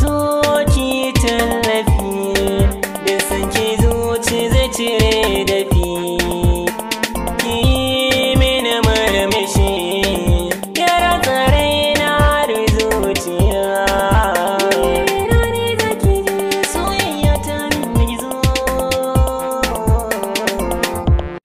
zo ki tallafi da sanki zuci zai cire dafi ki mini marmashi yara tsarai na da zuciya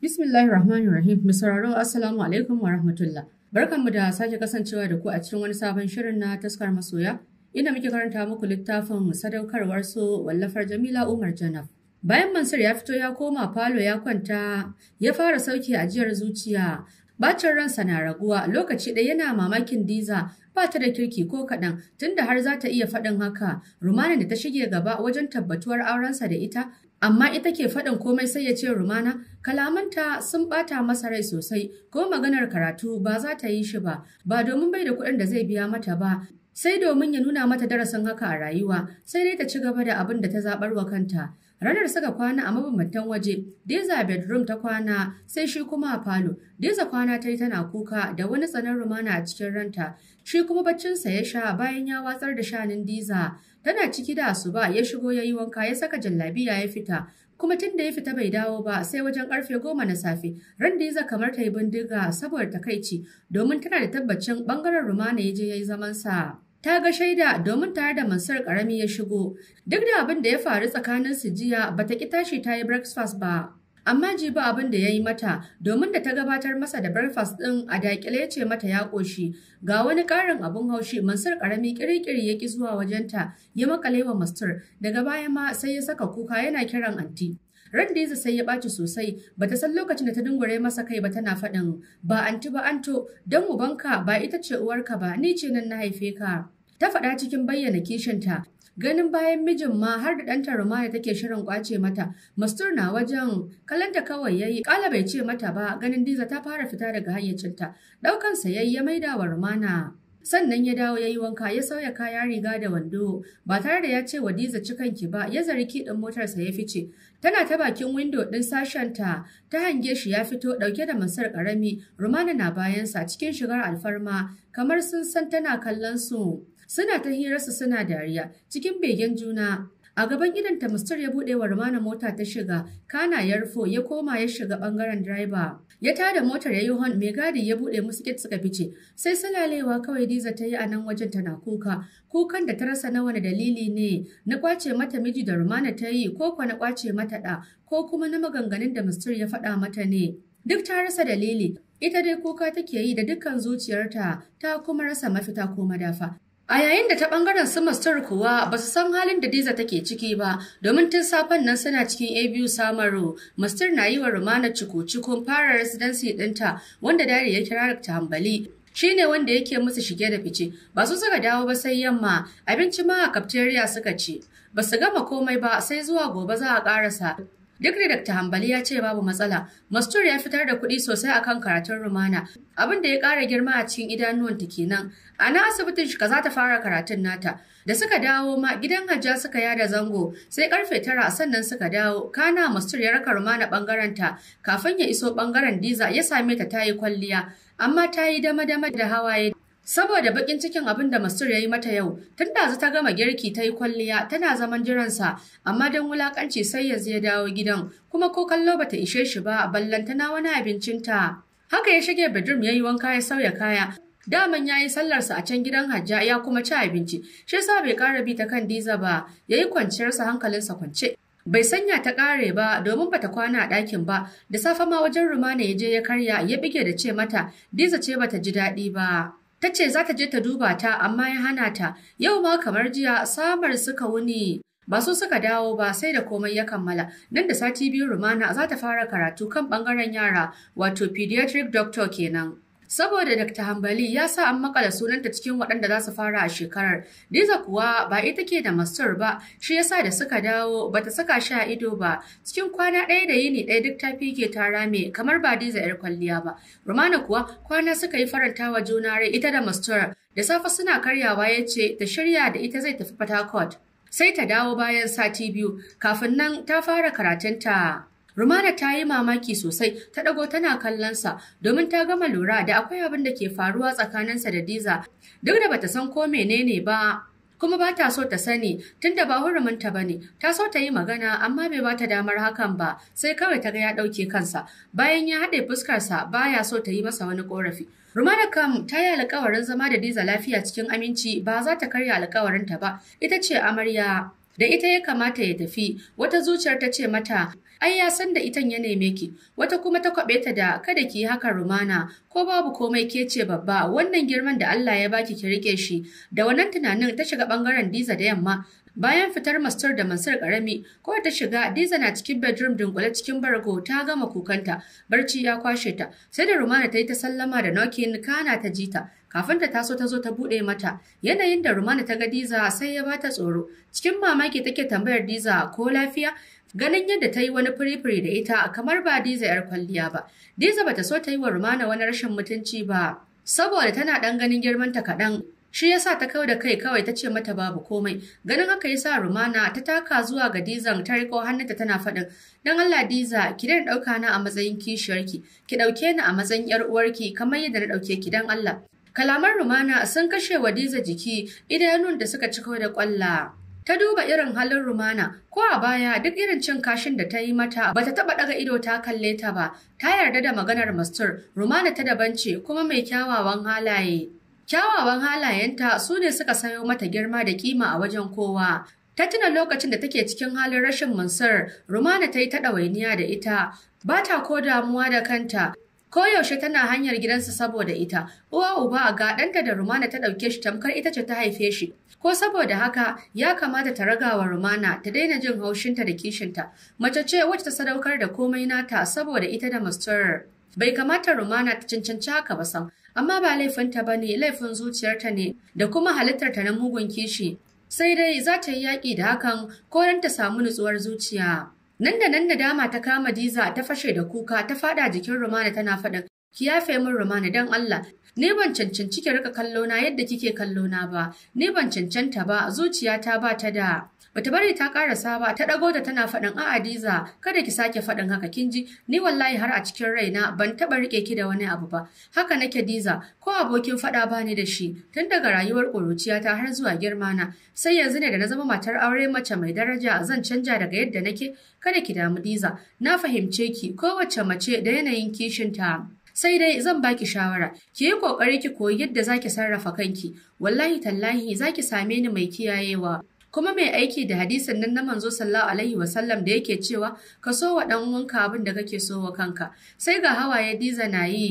Bismillahir Rahmanir Rahim, Misararo, Assalamu alaikum wa rahmatullah. Barkanmu da sake kasancewa da ku a cikin wani sabon shirin na taskar masoya Ina muke karanta muku littafin sadaukarwar su wallafar Jamila Umar Janaf. Bayan Mansur ya fito ya koma falo ya kwanta ya fara sauki ajiyar zuciya bacin ransa na raguwa lokaci ɗaya yana mamakin diza ba ta da kirki ko kaɗan tunda har za ta iya faɗin haka rumana da ta shige gaba wajen tabbatuwar aurensa da ita amma ita ke faɗin komai sai ya ce rumana kalamanta sun ɓata masa rai sosai ko maganar karatu ba za ta yi shi ba ba domin bai da kuɗin da zai biya mata ba sai domin ya nuna mata darasin haka a rayuwa sai dai ta ci gaba da abin da ta zabar wa kanta ranar saka kwana a mabambantan waje deza bedroom ta kwana sai shi kuma a falo deza kwana ta yi tana kuka da wani tsanan rumana a cikin ranta shi kuma baccin sa ya sha bayan ya watsar da shanin diza tana ciki da asuba ya shigo ya yi wanka ya saka jallabiya ya fita kuma tun da ya fita bai dawo ba sai wajen karfe goma na safe ran diza kamar ta yi bindiga saboda takaici domin tana da tabbacin bangaren rumana ya je ya yi sa ta ga shaida domin tare da mansar karami ya shigo. Duk da abin da ya faru tsakanin su jiya bata ki tashi ta yi breakfast ba. Amma jibi abin da ya yi mata domin da ta gabatar masa da breakfast ɗin a dakile ya ce mata ya ƙoshi. Ga wani ƙarin abin haushi mansar karami kirikiri ya ki zuwa wajenta ya maƙale wa Mastur daga baya ma sai ya saka kuka yana kiran anti. Ran da sai ya ɓaci sosai, Ba ta san lokacin da ta dungure masa kai ba tana faɗin, ba anti ba anto, don ubanka ba ita ce uwarka ba, ni ce nan na haife ka. Ta faɗa cikin bayyana kishinta, ganin bayan mijin ma har da ɗanta rumaya take shirin kwace mata mastur na wajen kalanta kawai ya yi. Ƙala bai ce mata ba ganin diza ta fara fita daga hayyacinta ɗaukansa yi ya maida wa rumana sannan ya dawo ya yi wanka ya sauya kaya riga da wando ba tare da ya ce wa Diza cikanki ba ya zari kiɗin motarsa ya fice tana ta bakin windo ɗin sashenta ta hange shi ya fito ɗauke da masar ƙarami rumana na bayansa cikin shigar alfarma kamar sun san tana kallon su suna ta su suna dariya cikin begen juna A gaban gidanta Mr. ya buɗe wa Rumana mota ta shiga, kana ya rufo ya koma ya shiga ɓangaren direba. Ya tada motar ya yi hon mai gadi ya buɗe musu kit suka fice, sai salalewa kawai Diza ta yi a nan wajen tana kuka. Kukan da ta rasa na wani dalili ne, na kwace mata miji da Rumana ta yi ko kwa na kwace mata ɗa ko kuma na maganganun da Mr. ya faɗa mata ne. Duk ta rasa dalili, ita dai kuka take yi da dukkan zuciyarta ta kuma rasa mafita ko madafa. A yayin da ta bangaren su Mr. kuwa ba su san halin da Diza take ciki ba, domin tun safen nan suna cikin ABU Samaru. Mr. na yi wa Rumana ciko-cikon fara residency ɗinta wanda dare ya kira ta hambali. Shi ne wanda yake musu shige da fice, ba su suka dawo ba sai yamma, abinci ma a cafeteria suka ci. Ba su gama komai ba sai zuwa gobe za a ƙarasa. Duk da Dr. Hambali ya ce babu matsala, Mastur ya fitar da kuɗi sosai akan karatun Rumana, abin da ya ƙara girma a cikin idanuwanta kenan. A na asibitin shi za ta fara karatun nata. Da suka dawo ma gidan Hajja suka yada zango, sai karfe tara sannan suka dawo. Kana Mastur ya raka Rumana bangaren kafin ya iso ɓangaren Diza ya same ta tayi kwalliya, amma ta yi dama-dama da hawaye Saboda bakin cikin abin da Mastur ya yi mata yau, tun da ta gama girki ta yi kwalliya tana zaman jiransa, amma don wulakanci sai yanzu ya dawo gidan, kuma ko kallo bata ishe shi ba ballan tana wani abincinta. Haka ya shige bedroom ya yi wanka ya sauya kaya, Daman ya yi sallarsa a can gidan hajja ya kuma ci abinci, shi yasa bai ƙara bi ta kan diza ba, ya yi kwanciyarsa hankalinsa kwance. Bai sanya ta ƙare ba domin bata kwana a ɗakin ba, da safe ma wajen rumana ya je ya karya ya bige da ce mata, diza ce bata ji daɗi ba. Ta ce za ta je ta duba ta amma ya hana ta, yau ma kamar jiya samar suka wuni. Ba su suka dawo ba sai da komai ya kammala, nan da sati biyu Rumana za ta fara karatu kan ɓangaren yara wato pediatric doctor kenan. saboda Dr. Hambali ya sa an makala sunanta cikin waɗanda za su fara a shekarar. Diza kuwa ba ita ke da mastur ba, shi ya sa da suka dawo ba ta saka shi a ido ba. Cikin kwana ɗaya da yini ɗaya duk ta fige ta rame kamar ba Diza 'yar kwalliya ba. Romana kuwa kwana suka yi faranta wa juna rai ita da mastur. Da safe suna karyawa ya ce ta shirya da ita zai tafi Port Harcourt. Sai ta dawo bayan sati biyu, kafin nan ta fara karatunta Rumana ta yi mamaki sosai ta ɗago tana kallonsa domin ta gama lura da akwai abin da ke faruwa tsakaninsa da Diza duk da bata san ko menene ba kuma ba ta so ta sani tunda ba huruminta ba ne ta so ta yi magana amma bai ba ta damar hakan ba sai kawai ta ga ya ɗauke kansa bayan ya haɗe fuskarsa baya so ta yi masa wani ƙorafi Rumana kam ta yi alkawarin zama da Diza lafiya cikin aminci ba za ta karya ta ba ita ce amarya da ita ya kamata ya tafi wata zuciyar ta ce mata ai ya san da itan ya neme ki wata kuma ta kwabe ta da kada ki yi haka rumana ko babu komai ke ce babba wannan girman da Allah ya baki ki rike shi da wannan tunanin ta shiga bangaren Diza da yamma Bayan fitar master da mansar Karami, ko ta shiga Diza na cikin bedroom dunkule cikin bargo ta gama kukanta, barci ya kwashe ta, sai da Rumana ta yi ta sallama da Nokin kana ta jita. kafin ta taso ta zo ta buɗe mata yanayin da rumana ta ga diza sai ya bata tsoro cikin mamaki take tambayar diza ko lafiya ganin yadda ta yi wani firifiri da ita kamar ba diza yar kwalliya ba diza bata so ta yi wa rumana wani rashin mutunci ba saboda tana ɗan ganin girmanta kaɗan Shi yasa ta kau da kai kawai ta ce mata babu komai. Ganin haka ya sa Rumana ta taka zuwa ga Dizan ta riko hannunta tana faɗin. Don Allah Diza, ki daina ɗauka na a matsayin kishiyarki, ki ɗauke ni a matsayin ‘yar uwarki kamar yadda na ɗauke ki dan Allah. Kalaman Rumana sun kashe Wadiza jiki idanun da suka ciko da kwalla. Ta duba irin halin Rumana ko a baya duk irin cin kashin da ta yi mata bata taba daga ido ta kalle ta ba. Ta yarda da maganar Mastur, Rumana ta daban ce kuma mai kyawawan halaye. Kyawawan halayenta su ne suka sayo mata girma da kima a wajen kowa. Ta tuna lokacin da take cikin halin rashin Mansur, Rumana ta yi ta ɗawainiya da ita, ba ta ko damuwa da kanta, Koyaushe tana hanyar gidansa saboda ita, uwa uba ga ɗanta da Rumana ta ɗauke shi tamkar ita ce ta haife shi. Ko saboda haka ya kamata ta ragawa Rumana ta daina jin haushinta da kishinta. Mace ce wacce ta sadaukar da komai nata saboda ita da masturar. Bai kamata Rumana ta cancanci haka ba sam, amma ba laifinta ba ne laifin zuciyarta ne da kuma halittar ta na mugun kishi. Sai dai za ta yi yaƙi da hakan ko ta samu nutsuwar zuciya. Nan da nan nadama ta kama Diza ta fashe da kuka ta fada jikin Rumana tana faɗin ki yafe min Rumana dan Allah ni ban cancanci ki rika kallona yadda kike kallo na ba ni ban cancanta ba zuciyata ba ta da bata bari ta karasa ba ta dago da tana faɗin a Adiza kada ki sake faɗin haka kin ji ni wallahi har a cikin raina ban taɓa rike ki da wani abu ba haka nake Diza ko abokin faɗa ba ni da shi tun daga rayuwar ƙuruciyata har zuwa girma na sai yanzu ne da na zama matar aure mace mai daraja zan canja daga yadda nake kada ki damu Diza na fahimce ki kowace mace da yanayin kishinta sai dai zan baki shawara ki yi kokari ki koyi yadda zaki sarrafa kanki wallahi tallahi zaki same ni mai kiyayewa kuma mai aiki da hadisin nan na manzo sallallahu alaihi wasallam da yake cewa ka so wa dan uwanka abin da kake so wa kanka sai ga hawaye diza na yi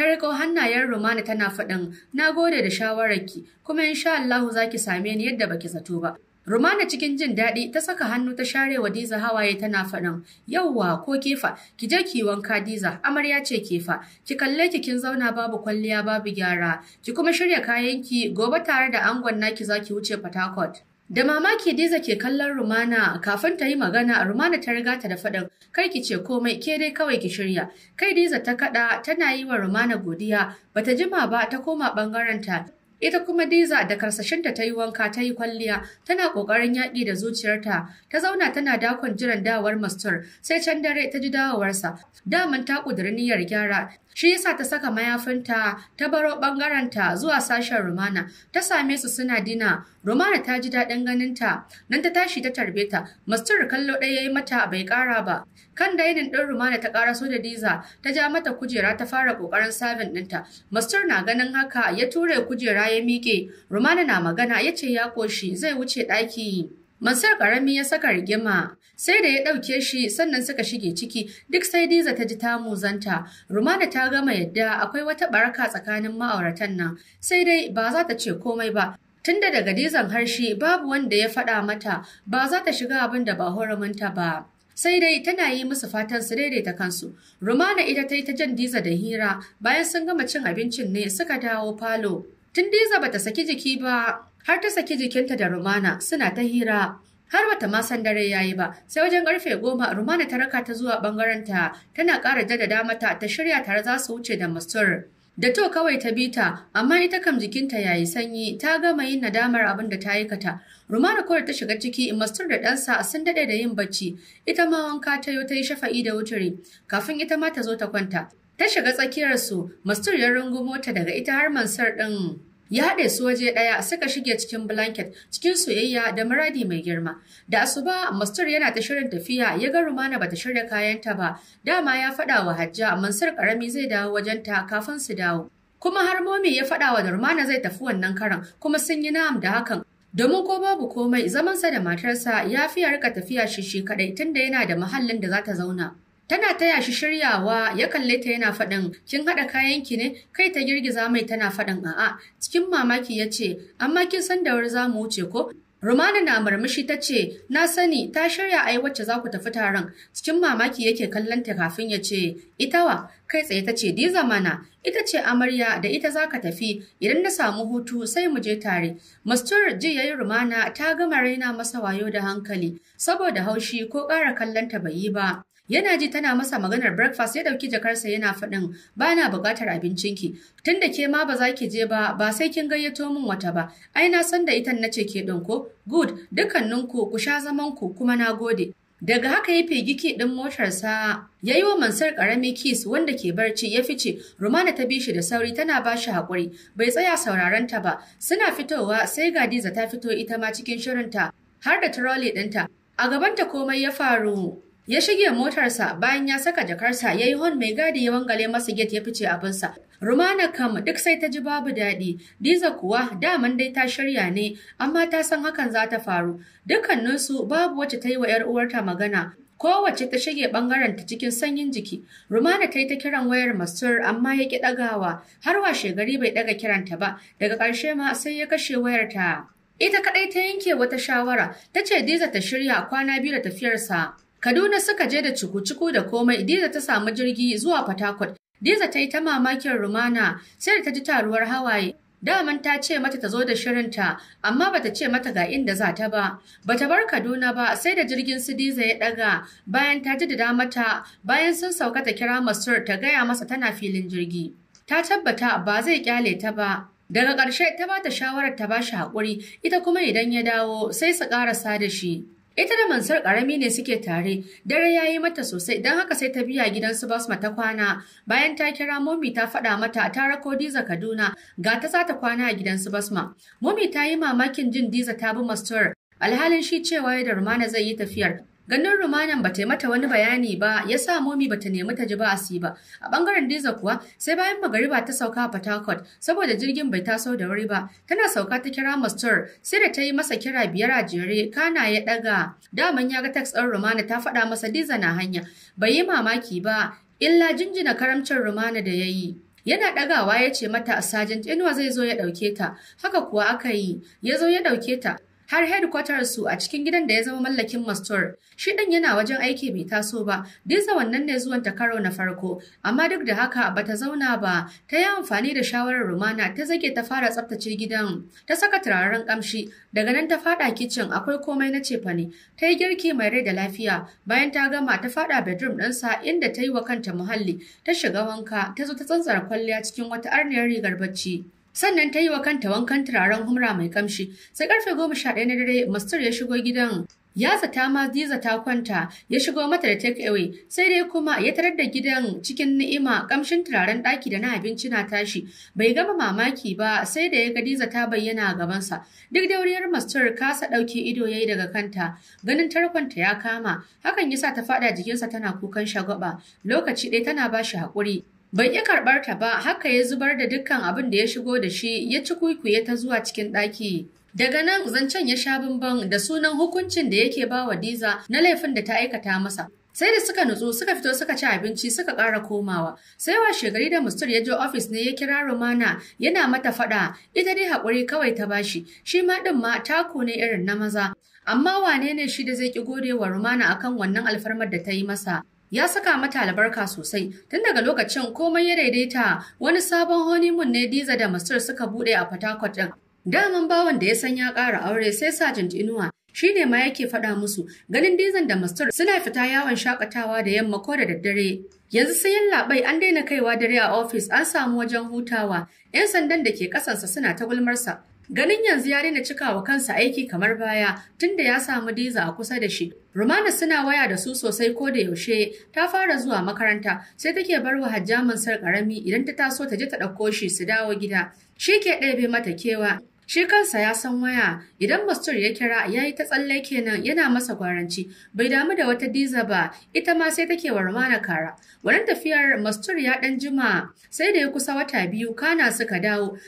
ta riko hannayen rumana tana faɗin na gode da shawararki kuma insha Allah za ki same ni yadda baki zato ba Rumana cikin jin daɗi ta saka hannu ta share wa Diza hawaye tana faɗin yauwa ko kefa ki je ki wanka Diza amarya ce kefa ki kalle ki kin zauna babu kwalliya babu gyara ki kuma shirya kayanki gobe tare da angon naki zaki wuce Port Da mamaki Diza ke kallon Rumana kafin ta yi magana Rumana ta riga ta da faɗin kai ki ce komai ke dai kawai ki shirya. Kai Diza ta kaɗa tana yi wa Rumana godiya bata jima ba ta koma ɓangarenta Ita kuma Diza da karsashinta ta yi wanka ta yi kwalliya tana ƙoƙarin yaƙi da zuciyarta ta zauna tana dakon jiran dawar Mastur sai can dare ta ji dawowarsa daman ta ƙudiri niyyar gyara shi yasa ta saka mayafinta ta baro bangaranta zuwa sashen Rumana ta same su suna dina Rumana ta ji daɗin ganinta nan ta tashi ta tarbe ta mastur kallo ɗaya yayi mata bai ƙara ba kan dainin ɗin Rumana ta ƙaraso da Diza ta ja mata kujera ta fara ƙoƙarin sabin ɗinta mastur na ganin haka ya ture kujera ya miƙe Rumana na magana ya ce ya ƙoshi zai wuce ɗaki Mansur karami ya saka rigima sai da ya ɗauke shi sannan suka shige ciki duk sai Diza ta ji ta muzanta. Rumana ta gama yadda akwai wata baraka tsakanin ma'auratan nan sai dai ba za ta ce komai ba. Tunda daga Dizan harshe babu wanda ya faɗa mata ba za ta shiga abin da ba horaminta ba. Sai dai tana yi musu fatan su daidaita kansu. Rumana ita ta yi ta jan Diza da hira bayan sun gama cin abincin ne suka dawo falo. Tun Diza bata saki jiki ba har ta saki jikinta da Rumana suna ta hira. Har bata ma san dare yayi ba, sai wajen karfe goma Rumana ta raka ta zuwa bangarenta tana ƙara jaddada mata ta shirya tare za su wuce da Mastur. Da to kawai ta bi ta, amma ita kam jikinta yayi sanyi, ta gama yin nadamar abin da ta aikata. Rumana kawai ta shiga ciki, Mastur da ɗansa sun daɗe da yin bacci, ita ma wanka ta yi ta yi shafa'i da wuturi, kafin ita ma ta zo ta kwanta. Ta shiga tsakiyarsu, Mastur ya rungumo ta daga ita har Mansur ɗin. ya haɗe su waje ɗaya suka shige cikin blanket cikin soyayya da muradi mai girma da asuba mastur yana ta shirin tafiya ya ga rumana bata shirya kayanta ba dama ya faɗa wa hajja mansur karami zai dawo wajen ta kafin su dawo kuma har momi ya faɗa wa rumana zai tafi wannan karan kuma sun yi na'am da hakan domin ko babu komai zamansa da matarsa ya fi ya rika tafiya shi shi kaɗai tunda yana da muhallin da za ta zauna Tana taya shi shiryawa ya kalle ta yana faɗin kin haɗa kayan ki ne kai ta girgiza mai tana faɗin a'a cikin mamaki ya ce amma kin san da za mu wuce ko Rumana na murmushi ta ce, Na sani, ta shirya a yi wacce za ku tafi taron, cikin mamaki yake kallon ta kafin ya ce, Itawa, kai tsaye ta ce, Diza mana, ita ce amarya da ita za ka tafi, idan na samu hutu sai mu je tare. Mastur ji ya yi rumana ta gama raina masa wayo da hankali, saboda haushi ko ƙara kallon ta bai yi ba. Yana ji tana masa maganar breakfast ya dauki jakarsa yana faɗin ba na buƙatar abincinki. Tunda ke ma ba za ki je ba ba sai kin gayyato min wata ba. Ai na san da itan na ce ke ɗin ko? Good dukkaninku ku sha zaman ku kuma na gode. Daga haka ya fegi ki ɗin motarsa ya yi wa mansar ƙarami kis wanda ke barci ya fice Rumana ta bi shi da sauri tana ba shi haƙuri bai tsaya sauraron ta ba suna fitowa sai Gadiza ta fito ita ma cikin shirinta har da trolley ɗinta a gabanta komai ya faru ya shige motarsa bayan ya saka jakarsa ya yi hon mai gadi ya wangale masa get ya fice abinsa rumana kam duk sai ta ji babu daɗi diza kuwa daman dai ta shirya ne amma ta san hakan za ta faru dukkaninsu babu wacce ta yi wa 'yar uwarta magana kowace ta shige ɓangaren ta cikin sanyin jiki. Rumana ta yi ta kiran wayar Masur amma ya ki ɗagawa har washe gari bai ɗaga kiranta ba daga ƙarshe ma sai ya kashe wayar ta. Ita kaɗai ta yanke wata shawara ta ce Diza ta shirya kwana biyu da tafiyarsa. Kaduna suka je da cuku-cuku da komai Diza ta samu jirgi zuwa Fatakwal. Diza ta yi ta mamakin Rumana sai da ta ji taruwar hawaye. Daman ta ce mata ta zo da shirinta, amma bata ce mata ga inda za ta ba. Bata bar Kaduna ba sai da jirgin su Diza ya daga bayan ta ji da damata, bayan sun sauka ta kira Masur ta gaya masa tana filin jirgi. Ta tabbata ba zai kyale ta ba. Daga ƙarshe ta ba ta shawarar ta ba shi haƙuri, ita kuma idan ya dawo sai su ƙarasa da shi. Ita da Mansur karami ne suke tare, dare ya yi mata sosai don haka sai ta biya gidan su Basma ta kwana. Bayan ta kira Momi ta faɗa mata ta rako Diza Kaduna ga ta za ta kwana a gidan gidansu Basma. Momi ta yi mamakin jin Diza ta bi Mastur, alhalin shi cewa da Rumana zai yi tafiyar. Ganin Rumanan ba ta mata wani bayani ba ya sa momi ba ta nemi ta ji ba asi ba. A bangaren Diza kuwa sai bayan magariba ta sauka a Port saboda jirgin bai taso da wuri ba. Tana sauka ta kira Mastur sai da ta yi masa kira biyar a jere kana ya daga. Daman ya ga text Rumana ta faɗa masa Diza na hanya. Bai yi mamaki ba illa jinjina karamcin Rumana da ya yi. Yana ɗagawa ya ce mata a Sergeant Inuwa zai zo ya ɗauke ta, haka kuwa aka yi, ya zo ya ɗauke ta, har hedkwatar su a cikin gidan da ya zama mallakin Mastor. Shi ɗin yana wajen aiki bai taso ba, disa wannan ne zuwan ta karo na farko, amma duk da haka ba ta zauna ba, ta yi amfani da shawarar Rumana ta zage ta fara tsaftace gidan, ta saka turaren kamshi, daga nan ta fada kicin akwai komai na cefane, ta yi girki mai rai da lafiya, bayan ta gama ta fada bedroom ɗinsa inda ta yi wa kanta muhalli, ta shiga wanka, ta zo ta tsantsara kwalliya cikin wata arniyar rigar bacci. sannan ta yi wa kanta wankan turaren humra mai kamshi sai karfe goma sha ɗaya na dare mastur ya shigo gidan ya zata ma diza ta kwanta ya shigo mata da take away sai dai kuma ya tarar da gidan cikin ni'ima kamshin turaren ɗaki da na abinci na tashi bai gama mamaki ba sai da ya ga diza ta bayyana a gabansa duk dauriyar mastur kasa ɗauki ido yayi daga kanta ganin tarkonta ya kama hakan yasa ta faɗa jikinsa tana kukan shagwaba lokaci ɗaya tana bashi haƙuri Ban yi karɓar ta ba, haka ya zubar da dukkan abin da ya shigo da shi ya ci kuikuye ta zuwa cikin ɗaki. Daga nan zancen ya sha bamban da sunan hukuncin da yake ba wa Diza na laifin da ta aikata masa. Sai da suka nutsu suka fito suka ci abinci suka ƙara komawa. Sai washe gari da Mustur ya je ofis ne ya kira Romana, yana mata faɗa ita dai haƙuri kawai ta bashi shi ma ɗin ma taku ne irin na maza. Amma wane ne shi da zai ƙi gode wa romana akan wannan alfarmar da ta yi masa? ya saka mata albarka sosai tun daga lokacin komai ya daidaita wani sabon honeymoon ne Diza da Masar suka bude a Fatakwat din daman bawan da ya san ya ƙara aure sai Sergeant Inuwa shine ma yake faɗa musu ganin Dizan da mastur suna fita yawon shakatawa da yamma ko da daddare yanzu sai labai an daina kaiwa dare a ofis an samu wajen hutawa yan sandan da ke kasansa suna ta gulmarsa Ganin yanzu ya daina cika wa kansa aiki kamar baya tunda ya samu diza a kusa da shi. Rumana suna waya da su sosai ko da yaushe ta fara zuwa makaranta sai take bar wa hajjamin sar karami idan ta taso ta je ta ɗauko shi su dawo gida. Shi ke ɗebe mata kewa Shi kansa ya san waya, idan Mastur ya kira ya yi ta tsalle kenan yana masa gwaranci, bai damu da wata diza ba, ita ma sai take warmana kara. Wani tafiyar Mastur ya ɗan jima sai da ya kusa wata biyu kana suka dawo,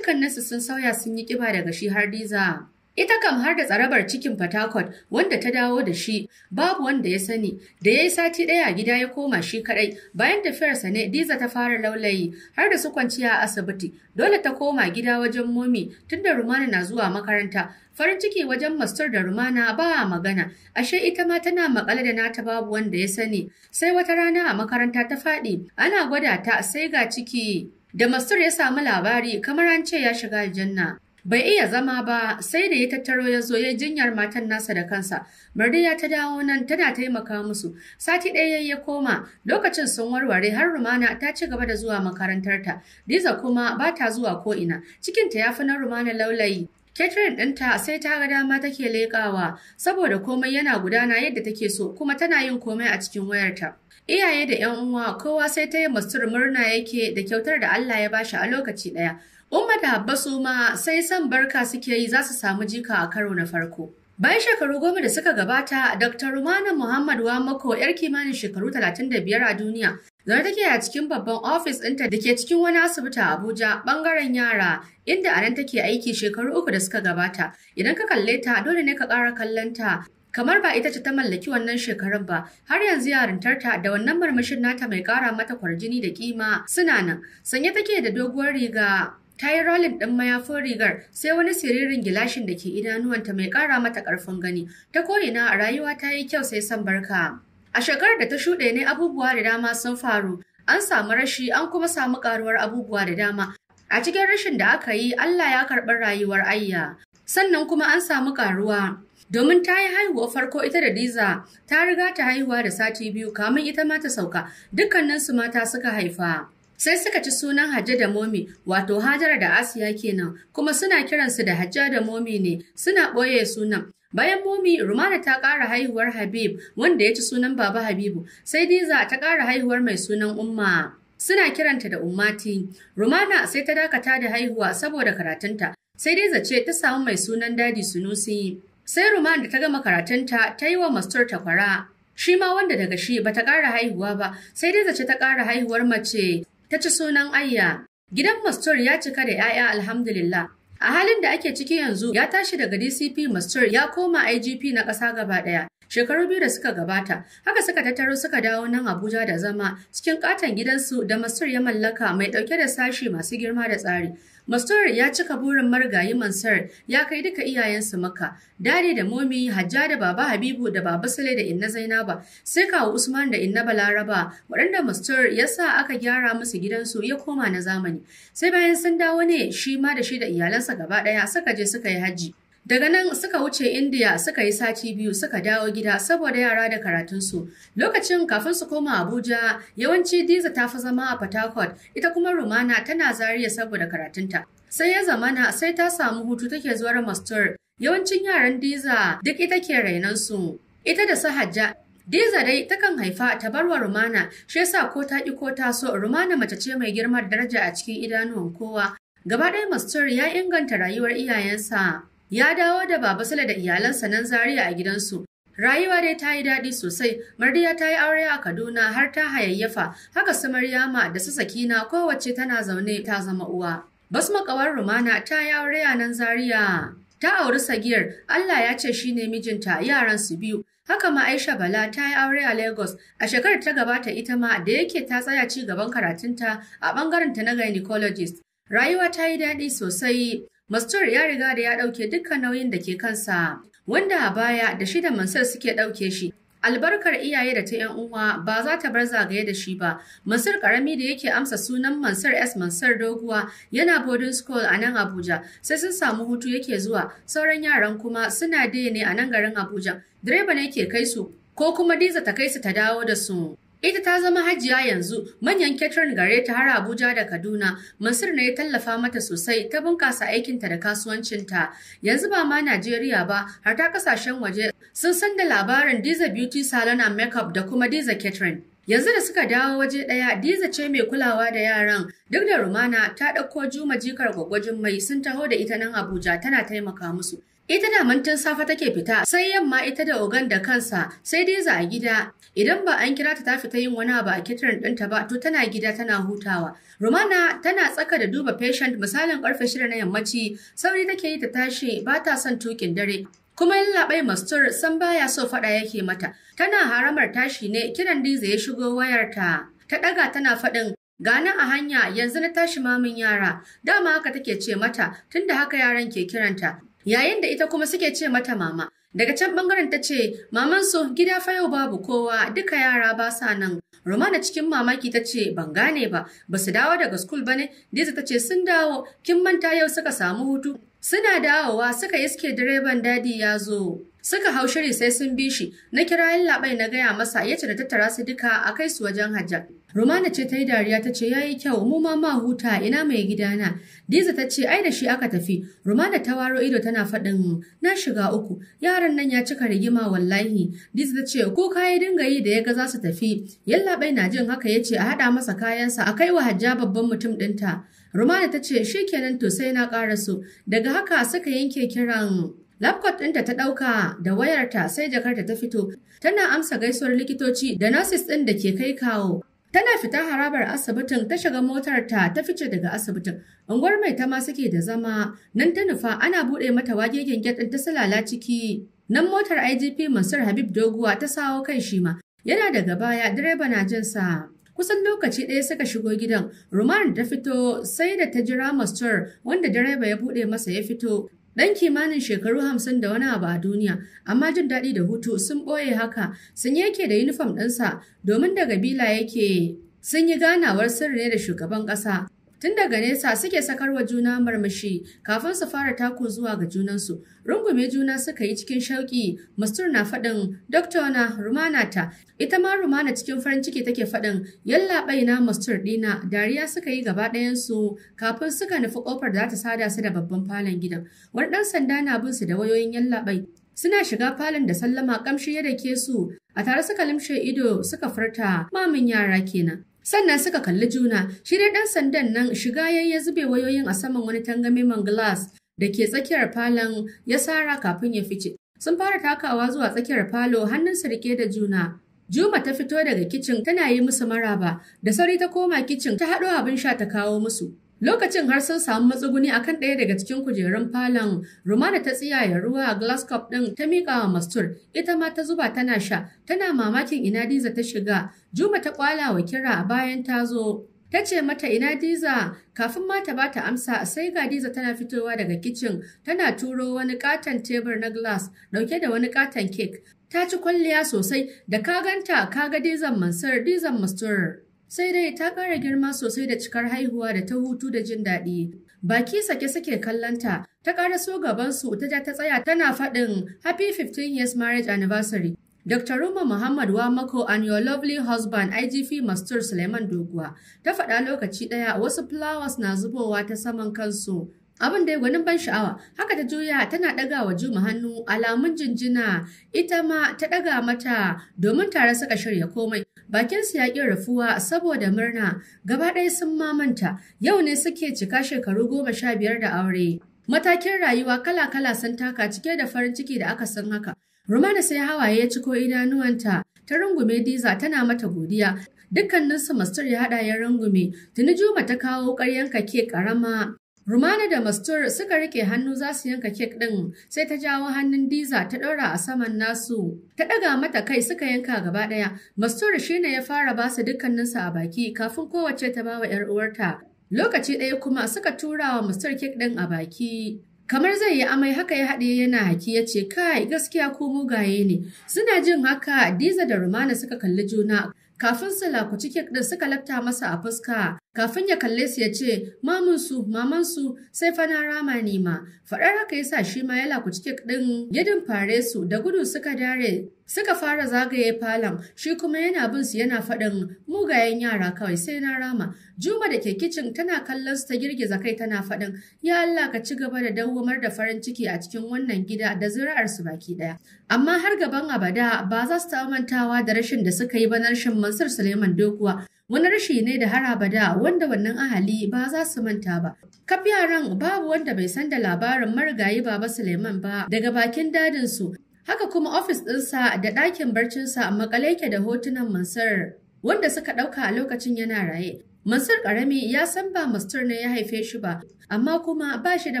nasu sun sauya sun yi ƙiba daga shi har diza. Ita kam har da tsarabar cikin Fatakot wanda ta dawo da shi babu wanda ya sani da ya yi sati ɗaya gida ya koma shi kaɗai bayan tafiyarsa ne Diza ta fara laulayi har da su kwanciya a asibiti dole ta koma gida wajen momi tunda Rumana na zuwa makaranta farin ciki wajen mastur da rumana ba magana ashe ita ma tana makale da nata babu wanda ya sani sai wata rana a makaranta ta faɗi ana gwada ta sai ga ciki da mastur ya samu labari kamar an ce ya shiga aljanna Bai iya zama ba sai da ya tattaro ya zo ya jinyar matan nasa da kansa. Murdiya ta dawo nan tana taimaka musu. Sati ɗaya ya koma lokacin sun warware har Rumana ta ci gaba da zuwa makarantarta. Diza kuma ba ta zuwa ko ina. Cikinta ya fi na Rumana laulayi. Catherine ɗinta sai ta ga dama take leƙawa saboda komai yana gudana yadda take so kuma tana yin komai a cikin wayarta. Iyaye da ‘yan uwa kowa sai ta yi masur murna yake da kyautar da Allah ya bashi a lokaci ɗaya. Umma da su ma sai san barka suke yi za su samu jika a karo na farko. Bayan shekaru goma da suka gabata, Dr. Rumana Muhammad Wamako yar kimanin shekaru 35 a duniya, zaune take a cikin babban ofis ɗinta da ke cikin wani asibiti a Abuja ɓangaren yara, inda a nan take aiki shekaru uku da suka gabata. Idan ka kalle ta, dole ne ka ƙara kallon ta. Kamar ba ita ce ta mallaki wannan shekarun ba, har yanzu yarintarta da wannan marmashin nata mai ƙara mata kwarjini da kima suna nan. Sanye take da doguwar riga Ta yi rolin ɗin mayafin rigar sai wani siririn gilashin da ke idanuwanta mai ƙara mata ƙarfin gani. Ta ko'ina a rayuwa ta yi kyau sai san barka. A shekarar da ta shuɗe ne abubuwa da dama sun faru. An samu rashi an kuma samu ƙaruwar abubuwa da dama. A cikin rashin da aka yi Allah ya karɓi rayuwar Ayya. Sannan kuma an samu ƙaruwa. domin ta yi haihuwa farko ita da Diza ta riga ta haihuwa da sati biyu kamun ita ma ta sauka dukkanin su mata suka haifa Sai suka ci sunan Hajja da Momi, wato Hajara da Asiya kenan, kuma suna kiransu da Hajja da Momi ne, suna ɓoye sunan. Bayan Momi, Rumana ta ƙara haihuwar Habib, wanda ya ci sunan Baba Habibu, sai Diza ta ƙara haihuwar mai sunan Umma. Suna kiranta da Ummati. Rumana sai ta dakata da haihuwa saboda karatunta, sai Diza ce ta samu mai sunan Dadi Sunusi. Sai Rumana da ta gama karatunta ta yi wa Mastur takwara. Shi ma wanda daga shi bata ƙara haihuwa ba, sai dai zace ta ƙara haihuwar mace ta ci sunan Ayya. Gidan Mastur ya cika da 'ya'ya alhamdulillah. A halin da ake ciki yanzu ya tashi daga DCP Mastur ya koma IGP na ƙasa gaba ɗaya. Shekaru biyu da suka gabata, haka suka tattaro suka dawo nan Abuja da zama cikin katon gidansu da Mastur ya mallaka mai ɗauke da sashi masu girma da tsari. Mastur ya cika burin marigayi Mansur ya kai duka iyayensu maka. dare da Momi, Hajja da Baba Habibu da Baba Sule da Inna Zainaba, sai kawo Usman da Inna Balaraba, waɗanda Mastur ya sa aka gyara musu gidansu ya koma na zamani. Sai bayan sun dawo ne shi ma da shi da iyalansa gaba ɗaya suka je suka yi hajji. Daga nan suka wuce Indiya suka yi sati biyu suka dawo gida saboda yara da karatunsu. Lokacin kafin su koma Abuja, yawanci Diza ta fi zama a Port ita kuma Rumana tana zariya saboda karatunta. Sai ya zamana sai ta samu hutu take zuwar Mastur. Yawancin yaran Diza duk ita ke rainansu. Ita da Sahajja Diza dai takan haifa ta barwa Rumana, shi yasa ko ta ƙi ko ta so Rumana mace ce mai girmar daraja a cikin idanuwan kowa. Gaba ɗaya Mastur ya inganta rayuwar iyayensa. Ya dawo da Baba Sule da iyalansa nan Zaria a gidansu. Rayuwa dai ta yi daɗi sosai, Mardiya ta yi aure a Kaduna har ta hayayyafa, haka su Maryama da su Sakina kowace tana zaune ta zama uwa. Basma ƙawar Rumana ta yi aure a nan Zariya. Ta auri Sagiyar, Allah ya ce shi ne mijinta yaran su biyu. Haka ma Aisha Bala ta yi aure a Lagos a shekarar ta gabata ita ma da yake ta tsaya ci gaban karatunta a bangaren ta na gynecologist. Rayuwa ta yi daɗi sosai, Mastur ya riga da ya ɗauke dukkan nauyin da ke kansa, wanda a baya da shi da Mansur suke ɗauke shi. Albarkar iyaye da ta 'yan uwa ba za ta bar zagaye da shi ba. Mansur karami da yake amsa sunan Mansur S. Mansur Doguwa yana boarding school a nan Abuja, sai sun samu hutu yake zuwa, sauran yaran kuma suna dai ne a nan garin Abuja. Direba ne ke kai su, ko kuma Diza ta kai su ta dawo da su. Ita ta zama hajiya yanzu, manyan ketron gare ta har Abuja da Kaduna, Mansur ne ya tallafa mata sosai ta bunƙasa aikinta da kasuwancinta. Yanzu ba ma Najeriya ba, har ta kasashen waje sun san da labarin Diza Beauty Salon and Makeup da kuma Diza ketron Yanzu da suka dawo waje ɗaya, Diza ce mai kulawa da yaran. Duk da Rumana ta ɗauko Juma jikar gwagwajin mai sun taho da ita nan Abuja tana taimaka musu. Ita da mantin safa take fita sai yamma ita da ogan da kansa sai dai za a gida idan ba an kira ta ta fita yin wani ba a kitirin ɗinta ba to tana gida tana hutawa. Rumana tana tsaka da duba patient misalin karfe shida na yammaci sauri take yi ta tashi ba ta son tukin dare. Kuma yin labai mastur san baya so faɗa yake mata. Tana haramar tashi ne kiran diza ya shigo wayarta. Ta ɗaga tana faɗin gana a hanya yanzu na tashi mamin yara, dama haka take ce mata tunda haka yaran ke kiranta. Yayin da ita kuma suke ce mata mama. Daga can bangaren ta ce, "Maman su, gida fa yau babu kowa, duka yara ba sa nan. Romana cikin mamaki ta ce, Ban gane ba, ba su dawo daga skul ba ne, Diza ta ce, Sun dawo, kin manta yau suka samu hutu. Suna dawowa suka iske direban dadi ya zo. Suka hau shiri sai sun bi shi, na kira labai na gaya masa ya ce da tattara su duka a kai su wajen hajja. Romana ce ta yi dariya ta ce ya yi kyau mu ma ma huta ina mai gidana. Diza ta ce ai da shi aka tafi. Romana ta waro ido tana faɗin na shiga uku. Yaran nan ya cika rigima wallahi. Diza ta ce ko kayi dinga yi da ya ga za su tafi. Yallaɓai na jin haka ya ce a haɗa masa kayansa a kai wa hajja babban mutum ɗinta. Rumana ta ce shi kenan to sai na ƙara su." Daga haka suka yanke kiran Laptop ɗinta ta ɗauka da wayarta sai jakarta ta fito. Tana amsa gaisuwar likitoci da nurses ɗin da ke kai kawo. Tana fita harabar asibitin ta shiga motarta ta fice daga asibitin. Unguwar mai ta ma suke da zama nan ta nufa ana buɗe mata wage gyangyaɗin ɗin ta salala ciki. Nan motar IGP Mansur Habib Doguwa ta sawo kai shi ma. Yana daga baya direba na jinsa. Kusan lokaci ɗaya suka shigo gidan, Roman ta fito sai da ta jira master wanda direba ya buɗe masa ya fito. Dan kimanin shekaru hamsin da wani abu a duniya, amma jin daɗi da hutu sun ɓoye haka, sun yake da yunifom ɗinsa domin daga bila yake sun yi ganawar sirri ne da shugaban ƙasa. Tun daga nesa suke sakarwa juna marmashi kafin su fara taku zuwa ga junansu. Rungume juna suka yi cikin shauƙi, Mastur na faɗin Doktona Rumana ta. Ita ma Rumana cikin farin ciki take faɗin yallaɓai na Mastur ɗina dariya suka yi gaba ɗayansu kafin suka nufi ƙofar da ta sada su da babban falon gidan. Wani ɗan sanda na bin su da wayoyin yallaɓai. Suna shiga falon da sallama kamshi ya dake su, a tare suka limshe ido suka furta mamin yara kenan. sannan suka kalli juna shi dai ɗan sandan nan shiga yayin ya zube wayoyin a saman wani tangame man glass da ke tsakiyar falon ya sara kafin ya fice sun fara takawa zuwa tsakiyar falo su rike da juna Juma ta fito daga kicin tana yi musu maraba da sauri ta koma kicin ta haɗo abin sha ta kawo musu Lokacin har sun samu matsuguni a kan ɗaya daga cikin kujerun falon Rumana ta tsiyaye ruwa a glass ɗin ta miƙa wa Mastur, ita ma ta zuba tana sha, tana mamakin ina Diza ta shiga. Juma ta kwala wa kira bayan ta zo. Ta ce mata ina Diza kafin ma ta ba ta amsa sai ga Diza tana fitowa daga kicin tana turo wani katon tebur na glass ɗauke da wani katon cake. Ta ci kwalliya sosai da ka ganta ka ga Dizan Mansur Dizan Mastur. Sai dai ta ƙara girma sosai da cikar haihuwa da ta hutu da jin daɗi. Baki sake-sake kallanta, ta ƙara so su ta ja ta tsaya tana faɗin Happy 15 years marriage anniversary. Dr. Ruma Muhammad Wamako and your lovely husband IGP Master Suleiman Doguwa ta faɗa lokaci ɗaya wasu flowers na zubowa ta saman kansu. Abin da gwanin ban sha'awa, haka ta juya tana ɗaga wa Juma hannu alamun jinjina, ita ma ta ɗaga mata domin tare suka shirya komai. bakinsu ya ƙi rufuwa saboda murna gaba ɗaya sun mamanta yau ne suke cika shekaru goma sha biyar da aure matakin rayuwa kala-kala sun taka cike da farin ciki da aka san haka rumana sai hawaye ya ciko idanuwanta ta rungume diza tana mata godiya dukkaninsu mastur ya haɗa ya rungume tuni juma ta kawo ƙaryan ke ƙarama Rumana da Mastur suka rike hannu za su yanka kek ɗin sai ta jawo hannun Diza ta ɗora a saman nasu. Ta ɗaga mata kai suka yanka gaba ɗaya. Mastur shi ne ya fara ba su dukkaninsa a baki kafin kowace ta bawa ‘yar uwarta. Lokaci ɗaya kuma suka tura wa Mastur kek ɗin a baki. Kamar zai yi amai haka ya haɗe yana haki ya ce kai gaskiya ko mugaye ne. Suna jin haka Diza da Rumana suka kalli juna. Kafin su lakuci kek ɗin suka lafta masa a fuska, kafin ya kalle su ya ce, Mamansu, mamansu, sai fana rama ne ma. Faɗar haka ya sa shi ma ya lakuci kek ɗin ya fare su da gudu suka dare Suka fara zagaye falon shi kuma yana bin su yana faɗin mugayen yara kawai sai na rama. Juma da ke kicin tana kallon su ta girgiza kai tana faɗin ya Allah ka ci gaba da dawwamar da farin ciki a cikin wannan gida da zuri'ar su baki ɗaya. Amma har gaban abada ba za su taɓa mantawa da rashin da suka yi ba na rashin Mansur Suleiman Dokuwa wani rashi ne da har abada wanda wannan ahali ba za su manta ba. Kaf yaran babu wanda bai san da labarin marigayi Baba Suleiman ba daga bakin dadin su Haka kuma ofis ɗinsa da ɗakin barcinsa a makale yake da hotunan Mansur wanda suka ɗauka a lokacin yana raye. Mansur ƙarami ya san ba Mastur ne ya haife shi ba, amma kuma ba shi da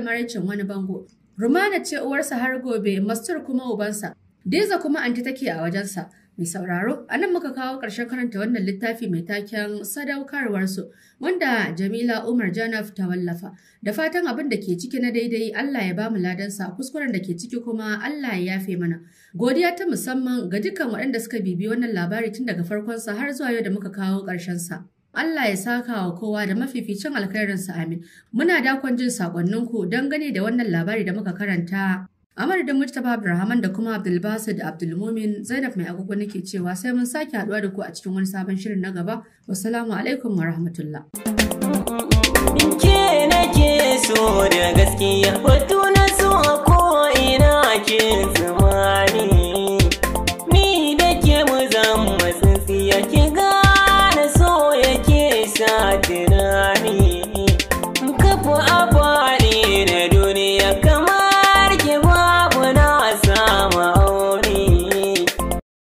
maraicin wani bango. Rumana ce uwarsa har gobe, Mastur kuma ubansa. Deza kuma anti take a wajensa. Mai sauraro, a nan muka kawo ƙarshen karanta wannan littafi mai taken sadaukarwarsu wanda Jamila Umar Janaf ta wallafa. Da fatan abin da ke ciki na daidai Allah ya ba mu ladansa kuskuren da ke ciki kuma Allah ya yafe mana. Godiya ta musamman ga dukkan waɗanda suka bibi wannan labari tun daga farkonsa har zuwa yau da muka kawo ƙarshensa. Allah ya saka wa kowa da mafificin alkhairinsa amin. Muna dakon jin sakonninku don gane da wannan labari da muka karanta Amar da Murtaba Abdulrahman da kuma Abdulbasir da Abdulmumin Zainab mai agogo nake cewa sai mun sake haɗuwa da ku a cikin wani sabon shirin na gaba. Wassalamu alaikum wa rahmatullah. Ke nake so da gaskiya